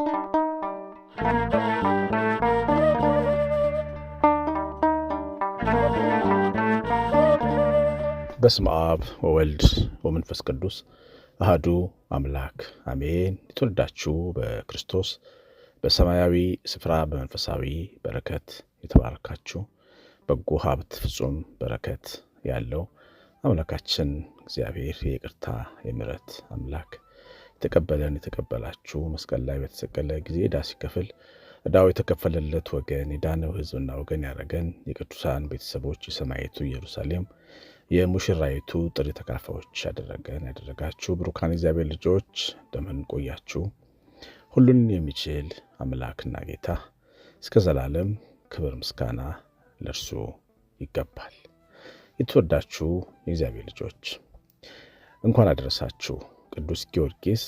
በስመ አብ ወወልድ ወመንፈስ ቅዱስ አህዱ አምላክ አሜን። የተወለዳችሁ በክርስቶስ በሰማያዊ ስፍራ በመንፈሳዊ በረከት የተባረካችሁ በጎ ሀብት ፍጹም በረከት ያለው አምላካችን እግዚአብሔር የቅርታ የምሕረት አምላክ የተቀበለን የተቀበላችሁ መስቀል ላይ በተሰቀለ ጊዜ ዕዳ ሲከፍል ዕዳው የተከፈለለት ወገን የዳነው ሕዝብና ወገን ያደረገን የቅዱሳን ቤተሰቦች የሰማይቱ ኢየሩሳሌም የሙሽራይቱ ጥሪ ተካፋዮች ያደረገን ያደረጋችሁ ብሩካን እግዚአብሔር ልጆች እንደምን ቆያችሁ? ሁሉን የሚችል አምላክና ጌታ እስከ ዘላለም ክብር ምስጋና ለእርሱ ይገባል። የተወዳችሁ የእግዚአብሔር ልጆች እንኳን አደረሳችሁ። ቅዱስ ጊዮርጊስ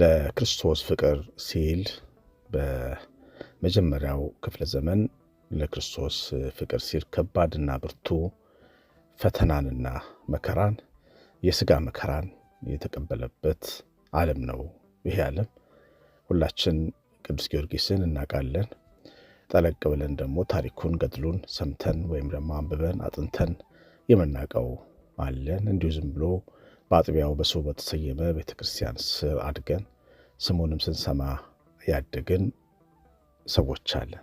ለክርስቶስ ፍቅር ሲል በመጀመሪያው ክፍለ ዘመን ለክርስቶስ ፍቅር ሲል ከባድና ብርቱ ፈተናንና መከራን የስጋ መከራን የተቀበለበት ዓለም ነው። ይሄ ዓለም ሁላችን ቅዱስ ጊዮርጊስን እናውቃለን። ጠለቅ ብለን ደግሞ ታሪኩን ገድሉን ሰምተን ወይም ደግሞ አንብበን አጥንተን የምናውቀው አለን። እንዲሁ ዝም ብሎ በአጥቢያው በሰው በተሰየመ ቤተ ክርስቲያን ስር አድገን ስሙንም ስንሰማ ያደግን ሰዎች አለን።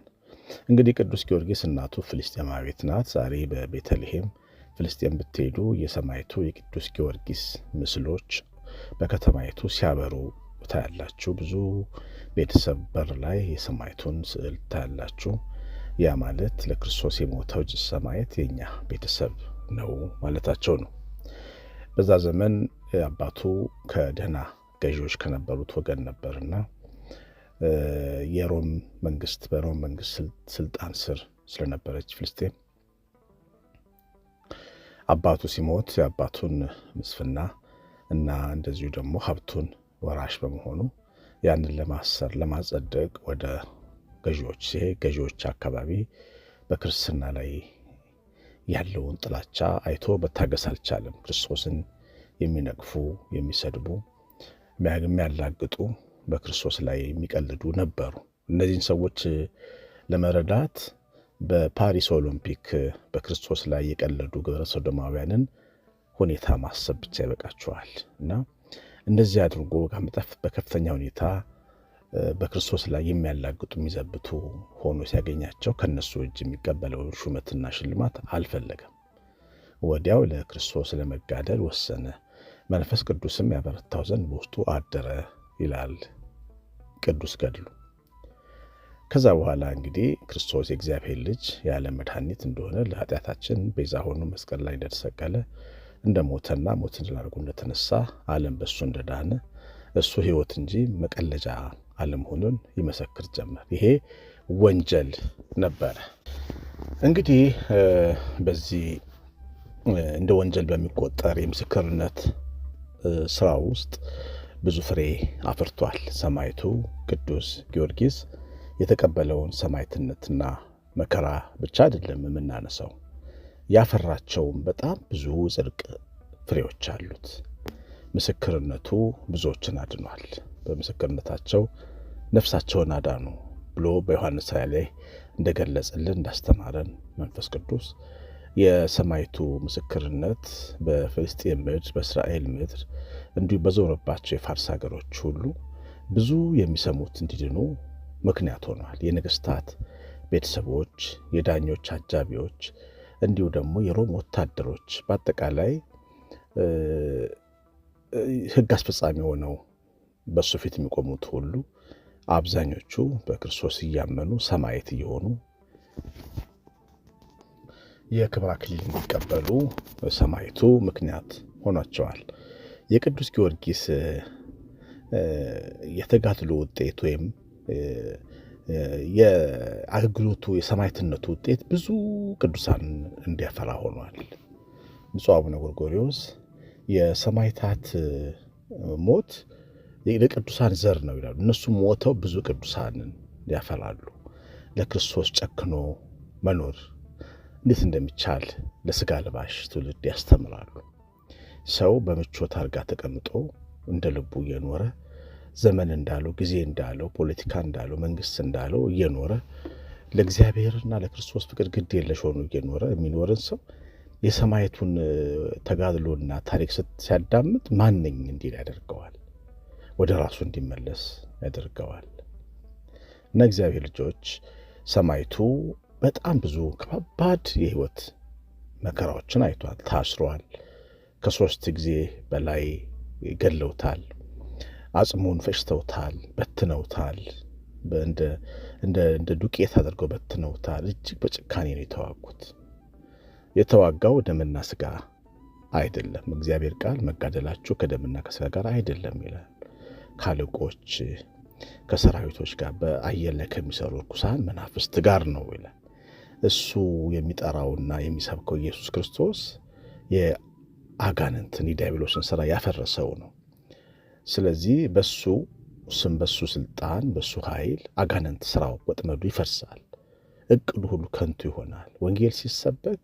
እንግዲህ ቅዱስ ጊዮርጊስ እናቱ ፍልስጤማዊት ናት። ዛሬ በቤተልሔም ፍልስጤም ብትሄዱ የሰማይቱ የቅዱስ ጊዮርጊስ ምስሎች በከተማይቱ ሲያበሩ ታያላችሁ። ብዙ ቤተሰብ በር ላይ የሰማይቱን ስዕል ታያላችሁ። ያ ማለት ለክርስቶስ የሞተው ሰማየት የእኛ ቤተሰብ ነው ማለታቸው ነው። በዛ ዘመን አባቱ ከደህና ገዢዎች ከነበሩት ወገን ነበርና የሮም መንግስት በሮም መንግስት ስልጣን ስር ስለነበረች ፍልስጤም አባቱ ሲሞት የአባቱን ምስፍና እና እንደዚሁ ደግሞ ሀብቱን ወራሽ በመሆኑ ያንን ለማሰር ለማጸደቅ ወደ ገዢዎች ሲሄድ ገዢዎች አካባቢ በክርስትና ላይ ያለውን ጥላቻ አይቶ መታገስ አልቻለም። ክርስቶስን የሚነቅፉ፣ የሚሰድቡ፣ የሚያላግጡ፣ በክርስቶስ ላይ የሚቀልዱ ነበሩ። እነዚህን ሰዎች ለመረዳት በፓሪስ ኦሎምፒክ በክርስቶስ ላይ የቀለዱ ግብረ ሶዶማውያንን ሁኔታ ማሰብ ብቻ ይበቃቸዋል እና እንደዚህ አድርጎ በከፍተኛ ሁኔታ በክርስቶስ ላይ የሚያላግጡ የሚዘብቱ ሆኖ ሲያገኛቸው ከነሱ እጅ የሚቀበለው ሹመትና ሽልማት አልፈለገም። ወዲያው ለክርስቶስ ለመጋደል ወሰነ። መንፈስ ቅዱስም ያበረታው ዘንድ በውስጡ አደረ ይላል ቅዱስ ገድሉ። ከዛ በኋላ እንግዲህ ክርስቶስ የእግዚአብሔር ልጅ ያለ መድኃኒት እንደሆነ ለኃጢአታችን ቤዛ ሆኖ መስቀል ላይ እንደተሰቀለ እንደ ሞተና ሞትን አድርጎ እንደተነሳ ዓለም በእሱ እንደዳነ እሱ ሕይወት እንጂ መቀለጃ አለመሆኑን ይመሰክር ጀመር። ይሄ ወንጀል ነበረ። እንግዲህ በዚህ እንደ ወንጀል በሚቆጠር የምስክርነት ስራ ውስጥ ብዙ ፍሬ አፍርቷል። ሰማይቱ ቅዱስ ጊዮርጊስ የተቀበለውን ሰማይትነትና መከራ ብቻ አይደለም የምናነሳው፣ ያፈራቸውም በጣም ብዙ ጽድቅ ፍሬዎች አሉት። ምስክርነቱ ብዙዎችን አድኗል። በምስክርነታቸው ነፍሳቸውን አዳኑ ብሎ በዮሐንስ ራእይ ላይ እንደገለጸልን እንዳስተማረን መንፈስ ቅዱስ የሰማይቱ ምስክርነት በፍልስጤን ምድር፣ በእስራኤል ምድር እንዲሁም በዞረባቸው የፋርስ ሀገሮች ሁሉ ብዙ የሚሰሙት እንዲድኑ ምክንያት ሆኗል። የነገስታት ቤተሰቦች፣ የዳኞች አጃቢዎች፣ እንዲሁ ደግሞ የሮም ወታደሮች በአጠቃላይ ህግ አስፈጻሚ ሆነው በእሱ ፊት የሚቆሙት ሁሉ አብዛኞቹ በክርስቶስ እያመኑ ሰማዕት እየሆኑ የክብር አክሊል እንዲቀበሉ ሰማዕቱ ምክንያት ሆኗቸዋል። የቅዱስ ጊዮርጊስ የተጋድሎ ውጤት ወይም የአገልግሎቱ የሰማዕትነቱ ውጤት ብዙ ቅዱሳን እንዲያፈራ ሆኗል። ብፁዕ አቡነ ጎርጎሪዎስ የሰማዕታት ሞት ለቅዱሳን ዘር ነው ይላሉ። እነሱ ሞተው ብዙ ቅዱሳንን ያፈራሉ። ለክርስቶስ ጨክኖ መኖር እንዴት እንደሚቻል ለስጋ ልባሽ ትውልድ ያስተምራሉ። ሰው በምቾት አልጋ ተቀምጦ እንደ ልቡ እየኖረ ዘመን እንዳለው ጊዜ እንዳለው ፖለቲካ እንዳለው መንግስት እንዳለው እየኖረ ለእግዚአብሔርና ለክርስቶስ ፍቅር ግድ የለሽ ሆኖ እየኖረ የሚኖርን ሰው የሰማየቱን ተጋድሎና ታሪክ ሲያዳምጥ ማንኝ እንዲል ያደርገዋል። ወደ ራሱ እንዲመለስ ያደርገዋል እና እግዚአብሔር ልጆች ሰማይቱ በጣም ብዙ ከባባድ የህይወት መከራዎችን አይቷል። ታስሯል። ከሶስት ጊዜ በላይ ገለውታል። አጽሙን ፈጭተውታል፣ በትነውታል። እንደ ዱቄት አድርገው በትነውታል። እጅግ በጭካኔ ነው የተዋጉት። የተዋጋው ደምና ስጋ አይደለም። እግዚአብሔር ቃል መጋደላችሁ ከደምና ከስጋ ጋር አይደለም ይላል። ካለቆች ከሰራዊቶች ጋር በአየር ላይ ከሚሰሩ ርኩሳን መናፍስት ጋር ነው ይላል። እሱ የሚጠራውና የሚሰብከው ኢየሱስ ክርስቶስ የአጋንንትን የዲያብሎስን ስራ ያፈረሰው ነው። ስለዚህ በሱ ስም፣ በሱ ስልጣን፣ በሱ ኃይል አጋንንት ስራው ወጥመዱ ይፈርሳል። እቅዱ ሁሉ ከንቱ ይሆናል። ወንጌል ሲሰበክ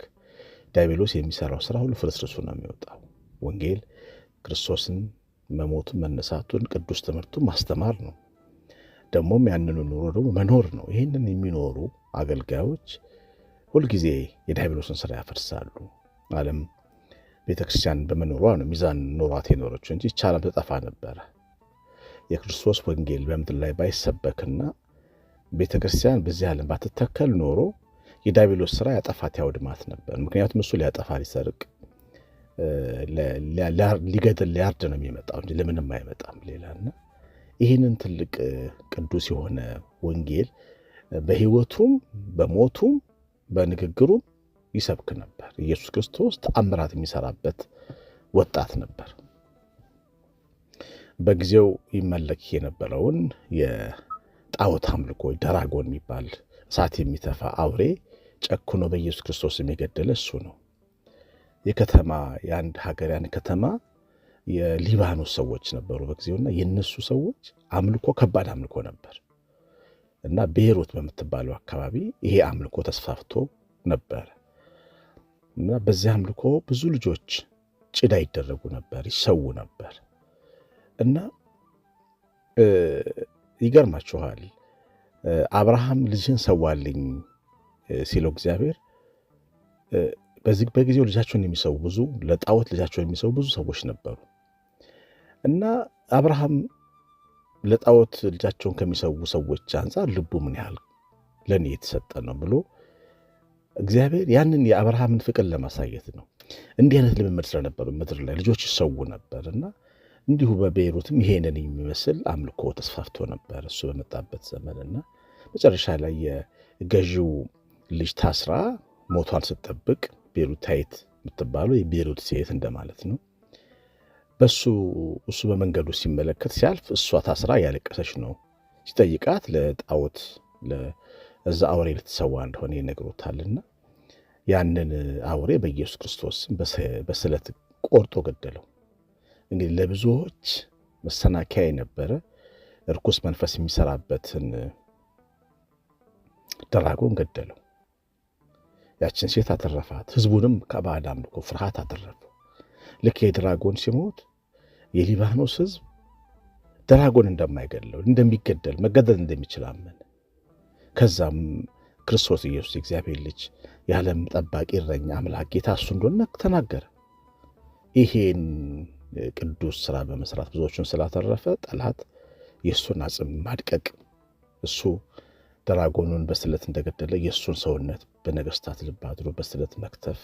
ዲያብሎስ የሚሰራው ስራ ሁሉ ፍርስርሱ ነው የሚወጣው። ወንጌል ክርስቶስን መሞት መነሳቱን ቅዱስ ትምህርቱ ማስተማር ነው። ደግሞም ያንኑ ኑሮ ደግሞ መኖር ነው። ይህንን የሚኖሩ አገልጋዮች ሁልጊዜ የዲያብሎስን ስራ ያፈርሳሉ። ዓለም ቤተ ክርስቲያን በመኖሯ ነው ሚዛን ኖሯት የኖረችው እንጂ ይህች ዓለም ተጠፋ ነበረ። የክርስቶስ ወንጌል በምድር ላይ ባይሰበክና ቤተ ክርስቲያን በዚህ ዓለም ባትተከል ኖሮ የዲያብሎስ ስራ ያጠፋት ያውድማት ነበር። ምክንያቱም እሱ ሊያጠፋ ሊሰርቅ ሊገጥል ሊያርድ ነው የሚመጣው እንጂ ለምንም አይመጣም ሌላና ይህንን ትልቅ ቅዱስ የሆነ ወንጌል በህይወቱም በሞቱም በንግግሩም ይሰብክ ነበር። ኢየሱስ ክርስቶስ ተአምራት የሚሰራበት ወጣት ነበር። በጊዜው ይመለክ የነበረውን የጣዖት አምልኮ ደራጎን የሚባል እሳት የሚተፋ አውሬ ጨክኖ በኢየሱስ ክርስቶስ የሚገደለ እሱ ነው። የከተማ የአንድ ሀገር ያን ከተማ የሊባኖስ ሰዎች ነበሩ በጊዜውና የነሱ ሰዎች አምልኮ ከባድ አምልኮ ነበር እና ቤይሩት በምትባለው አካባቢ ይሄ አምልኮ ተስፋፍቶ ነበር እና በዚህ አምልኮ ብዙ ልጆች ጭዳ ይደረጉ ነበር፣ ይሰዉ ነበር እና ይገርማችኋል አብርሃም ልጅን ሰዋልኝ ሲለው እግዚአብሔር በዚህ በጊዜው ልጃቸውን የሚሰው ብዙ ለጣዖት ልጃቸውን የሚሰው ብዙ ሰዎች ነበሩ እና አብርሃም ለጣዖት ልጃቸውን ከሚሰው ሰዎች አንጻር ልቡ ምን ያህል ለእኔ የተሰጠ ነው ብሎ እግዚአብሔር ያንን የአብርሃምን ፍቅር ለማሳየት ነው። እንዲህ አይነት ልምምድ ስለነበሩ ምድር ላይ ልጆች ይሰዉ ነበር እና እንዲሁ በቤይሩትም ይሄንን የሚመስል አምልኮ ተስፋፍቶ ነበር እሱ በመጣበት ዘመን እና መጨረሻ ላይ የገዢው ልጅ ታስራ ሞቷን ስጠብቅ ቤሩታይት የምትባለው የቤሩት ሴት እንደማለት ነው። በሱ እሱ በመንገዱ ሲመለከት ሲያልፍ እሷ ታስራ ያለቀሰች ነው። ሲጠይቃት ለጣዖት እዛ አውሬ ልትሰዋ እንደሆነ ይነግሮታልና ያንን አውሬ በኢየሱስ ክርስቶስም በስለት ቆርጦ ገደለው። እንግዲህ ለብዙዎች መሰናከያ የነበረ እርኩስ መንፈስ የሚሰራበትን ደራጎን ገደለው። ያችን ሴት አተረፋት። ህዝቡንም ከባዕድ አምልኮ ፍርሃት አተረፉ። ልክ የድራጎን ሲሞት የሊባኖስ ህዝብ ድራጎን እንደማይገድለው እንደሚገደል መገደል እንደሚችል አመን። ከዛም ክርስቶስ ኢየሱስ እግዚአብሔር ልጅ የዓለም ጠባቂ እረኛ አምላክ ጌታ እሱ እንደሆነ ተናገረ። ይሄን ቅዱስ ስራ በመስራት ብዙዎቹን ስላተረፈ ጠላት የእሱን አጽም ማድቀቅ እሱ ድራጎኑን በስለት እንደገደለ የእሱን ሰውነት በነገስታት ልብ አድሮ በስለት መክተፍ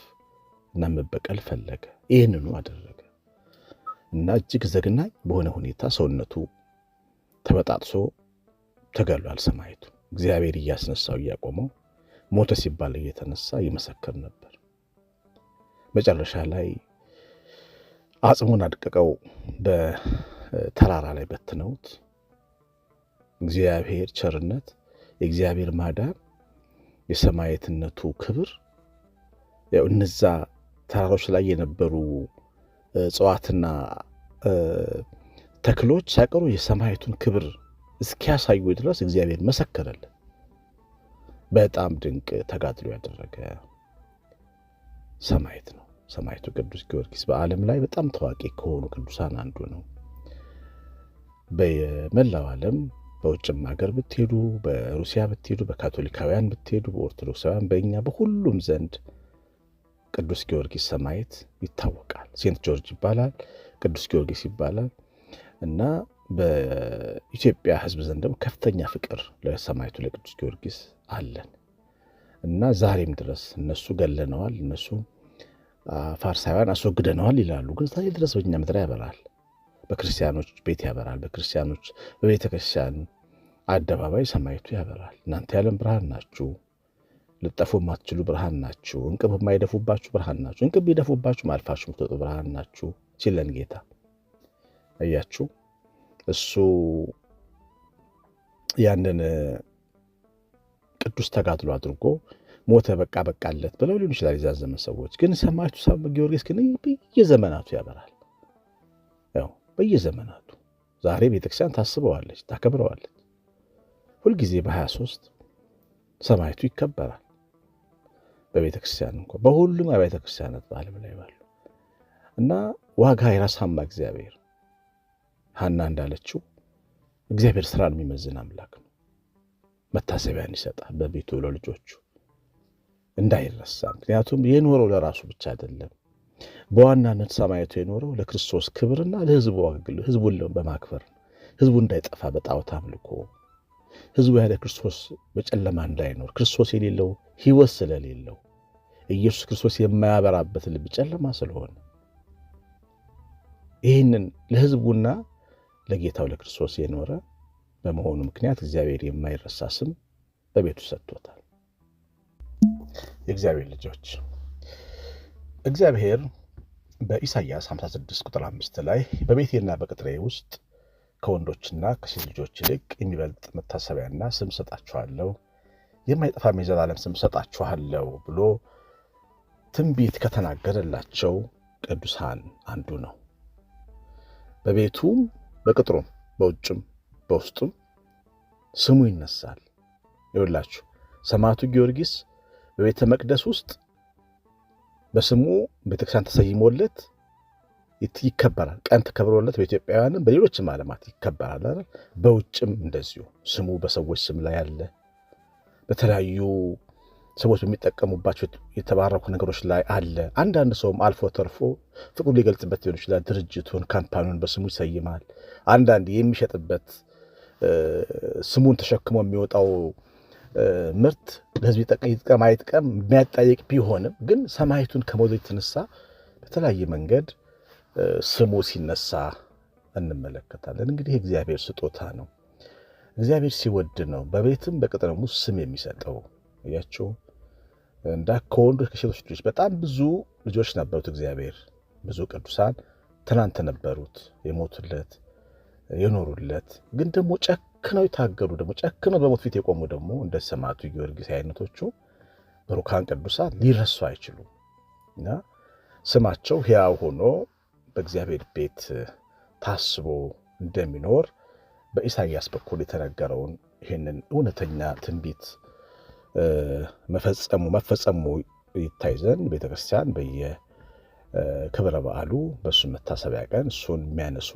እና መበቀል ፈለገ። ይህንኑ አደረገ እና እጅግ ዘግናኝ በሆነ ሁኔታ ሰውነቱ ተበጣጥሶ ተገሏል። ሰማይቱ እግዚአብሔር እያስነሳው እያቆመው ሞተ ሲባል እየተነሳ ይመሰክር ነበር። መጨረሻ ላይ አጽሙን አድቅቀው በተራራ ላይ በትነውት እግዚአብሔር ቸርነት የእግዚአብሔር ማዳን፣ የሰማየትነቱ ክብር ያው እነዛ ተራሮች ላይ የነበሩ እጽዋትና ተክሎች ሳይቀሩ የሰማየቱን ክብር እስኪያሳዩ ድረስ እግዚአብሔር መሰከረልን። በጣም ድንቅ ተጋድሎ ያደረገ ሰማየት ነው። ሰማየቱ ቅዱስ ጊዮርጊስ በዓለም ላይ በጣም ታዋቂ ከሆኑ ቅዱሳን አንዱ ነው። በመላው ዓለም በውጭም ሀገር ብትሄዱ፣ በሩሲያ ብትሄዱ፣ በካቶሊካውያን ብትሄዱ፣ በኦርቶዶክሳውያን፣ በእኛ በሁሉም ዘንድ ቅዱስ ጊዮርጊስ ሰማዕት ይታወቃል። ሴንት ጆርጅ ይባላል፣ ቅዱስ ጊዮርጊስ ይባላል እና በኢትዮጵያ ሕዝብ ዘንድ ደግሞ ከፍተኛ ፍቅር ለሰማዕቱ ለቅዱስ ጊዮርጊስ አለን እና ዛሬም ድረስ እነሱ ገለነዋል፣ እነሱ ፋርሳውያን አስወግደነዋል ይላሉ። ግን ዛሬ ድረስ በኛ ምድር ያበራል። በክርስቲያኖች ቤት ያበራል። በክርስቲያኖች በቤተ ክርስቲያን አደባባይ ሰማይቱ ያበራል። እናንተ የዓለም ብርሃን ናችሁ። ልጠፉ የማትችሉ ብርሃን ናችሁ። እንቅብ የማይደፉባችሁ ብርሃን ናችሁ። እንቅብ ቢደፉባችሁ ማልፋችሁ የምትወጡ ብርሃን ናችሁ ሲለን ጌታ እያችሁ እሱ ያንን ቅዱስ ተጋድሎ አድርጎ ሞተ፣ በቃ በቃለት ብለው ሊሆን ይችላል የዛን ዘመን ሰዎች። ግን ሰማዕቱ ጊዮርጊስ ግን በየዘመናቱ ያበራል ያው በየዘመናቱ ዛሬ ቤተክርስቲያን ታስበዋለች፣ ታከብረዋለች። ሁልጊዜ በ23 ሰማይቱ ይከበራል። በቤተ ክርስቲያን እንኳ በሁሉም አብያተ ክርስቲያናት በዓለም ላይ ባሉ እና ዋጋ የራሳማ እግዚአብሔር ሀና እንዳለችው እግዚአብሔር ስራን የሚመዝን አምላክ ነው። መታሰቢያን ይሰጣል በቤቱ ለልጆቹ እንዳይረሳ። ምክንያቱም የኖረው ለራሱ ብቻ አይደለም በዋናነት ሰማዕቱ የኖረው ለክርስቶስ ክብርና ለህዝቡ አገልግሎት ሕዝቡን በማክበር ህዝቡ እንዳይጠፋ በጣዖት አምልኮ ህዝቡ ያለ ክርስቶስ በጨለማ እንዳይኖር ክርስቶስ የሌለው ህይወት ስለሌለው ኢየሱስ ክርስቶስ የማያበራበት ልብ ጨለማ ስለሆነ ይህንን ለህዝቡና ለጌታው ለክርስቶስ የኖረ በመሆኑ ምክንያት እግዚአብሔር የማይረሳ ስም በቤቱ ሰጥቶታል። የእግዚአብሔር ልጆች እግዚአብሔር በኢሳይያስ 56 ቁጥር 5 ላይ በቤቴና በቅጥሬ ውስጥ ከወንዶችና ከሴት ልጆች ይልቅ የሚበልጥ መታሰቢያና ስም ሰጣችኋለሁ፣ የማይጠፋም የዘላለም ስም ሰጣችኋለሁ ብሎ ትንቢት ከተናገረላቸው ቅዱሳን አንዱ ነው። በቤቱም በቅጥሩም በውጭም በውስጡም ስሙ ይነሳል። ይውላችሁ ሰማዕቱ ጊዮርጊስ በቤተ መቅደስ ውስጥ በስሙ ቤተክርስቲያን ተሰይሞለት ይከበራል። ቀን ተከብሮለት በኢትዮጵያውያንም በሌሎችም ዓለማት ይከበራል። በውጭም እንደዚሁ ስሙ በሰዎች ስም ላይ አለ። በተለያዩ ሰዎች በሚጠቀሙባቸው የተባረኩ ነገሮች ላይ አለ። አንዳንድ ሰውም አልፎ ተርፎ ፍቅሩ ሊገልጽበት ሊሆን ይችላል። ድርጅቱን፣ ካምፓኒውን በስሙ ይሰይማል። አንዳንድ የሚሸጥበት ስሙን ተሸክሞ የሚወጣው ምርት ለህዝብ ይጥቀም አይጥቀም የሚያጠይቅ ቢሆንም ግን ሰማይቱን ከመውደድ የተነሳ በተለያየ መንገድ ስሙ ሲነሳ እንመለከታለን። እንግዲህ እግዚአብሔር ስጦታ ነው። እግዚአብሔር ሲወድ ነው በቤትም በቅጥርም ውስጥ ስም የሚሰጠው። እያቸው እንዳ ከወንዶች ከሴቶች ልጆች በጣም ብዙ ልጆች ነበሩት። እግዚአብሔር ብዙ ቅዱሳን ትናንት ነበሩት የሞቱለት የኖሩለት ግን ደግሞ ጨክ ጨክነው የታገሉ ደግሞ ጨክነው በሞት ፊት የቆሙ ደግሞ እንደ ሰማዕቱ ጊዮርጊስ አይነቶቹ ብሩካን ቅዱሳት ሊረሱ አይችሉም እና ስማቸው ሕያው ሆኖ በእግዚአብሔር ቤት ታስቦ እንደሚኖር በኢሳይያስ በኩል የተነገረውን ይህንን እውነተኛ ትንቢት መፈጸሙ መፈጸሙ ይታይ ዘንድ ቤተክርስቲያን በየክብረ በዓሉ በእሱን መታሰቢያ ቀን እሱን የሚያነሱ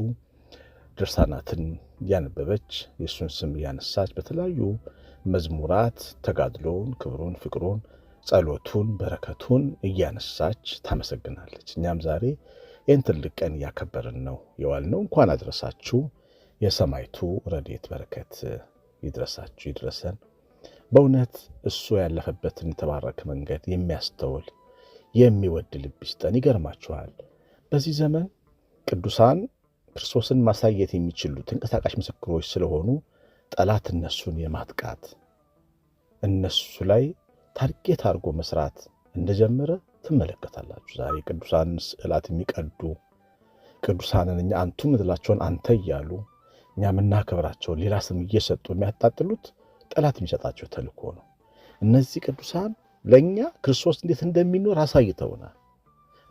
ድርሳናትን እያነበበች የእሱን ስም እያነሳች በተለያዩ መዝሙራት ተጋድሎውን፣ ክብሩን፣ ፍቅሩን፣ ጸሎቱን፣ በረከቱን እያነሳች ታመሰግናለች። እኛም ዛሬ ይህን ትልቅ ቀን እያከበርን ነው የዋል ነው። እንኳን አድረሳችሁ። የሰማይቱ ረድኤት በረከት ይድረሳችሁ ይድረሰን። በእውነት እሱ ያለፈበትን የተባረከ መንገድ የሚያስተውል የሚወድ ልብ ይስጠን። ይገርማችኋል በዚህ ዘመን ቅዱሳን ክርስቶስን ማሳየት የሚችሉ ተንቀሳቃሽ ምስክሮች ስለሆኑ ጠላት እነሱን የማጥቃት እነሱ ላይ ታርጌት አድርጎ መስራት እንደጀመረ ትመለከታላችሁ። ዛሬ ቅዱሳን ስዕላት የሚቀዱ ቅዱሳንን እኛ አንቱ ምትላቸውን አንተ እያሉ እኛ የምናከብራቸውን ሌላ ስም እየሰጡ የሚያጣጥሉት ጠላት የሚሰጣቸው ተልእኮ ነው። እነዚህ ቅዱሳን ለእኛ ክርስቶስ እንዴት እንደሚኖር አሳይተውናል።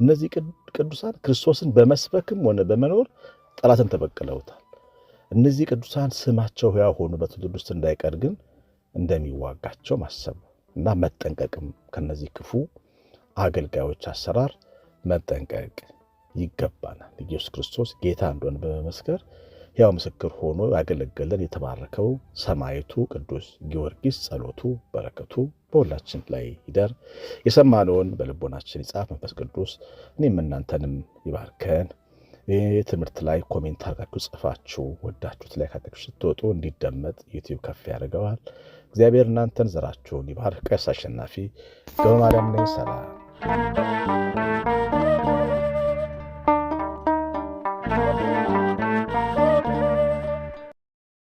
እነዚህ ቅዱሳን ክርስቶስን በመስበክም ሆነ በመኖር ጠላትን ተበቅለውታል። እነዚህ ቅዱሳን ስማቸው ሕያው ሆኑ በትውልድ ውስጥ እንዳይቀር ግን እንደሚዋጋቸው ማሰብ እና መጠንቀቅም ከነዚህ ክፉ አገልጋዮች አሰራር መጠንቀቅ ይገባናል። ኢየሱስ ክርስቶስ ጌታ እንደሆነ በመመስከር ሕያው ምስክር ሆኖ ያገለገለን የተባረከው ሰማዕቱ ቅዱስ ጊዮርጊስ ጸሎቱ በረከቱ በሁላችን ላይ ይደር። የሰማነውን በልቦናችን ይጻፍ። መንፈስ ቅዱስ እኔም እናንተንም ይባርከን። ትምህርት ላይ ኮሜንት አድርጋችሁ ጽፋችሁ ወዳችሁት ላይ ካደግሽ ስትወጡ እንዲደመጥ ዩቲዩብ ከፍ ያደርገዋል። እግዚአብሔር እናንተን ዘራችሁን ይባርክ። ቀሲስ አሸናፊ ገብረማርያም ነኝ። ሰላም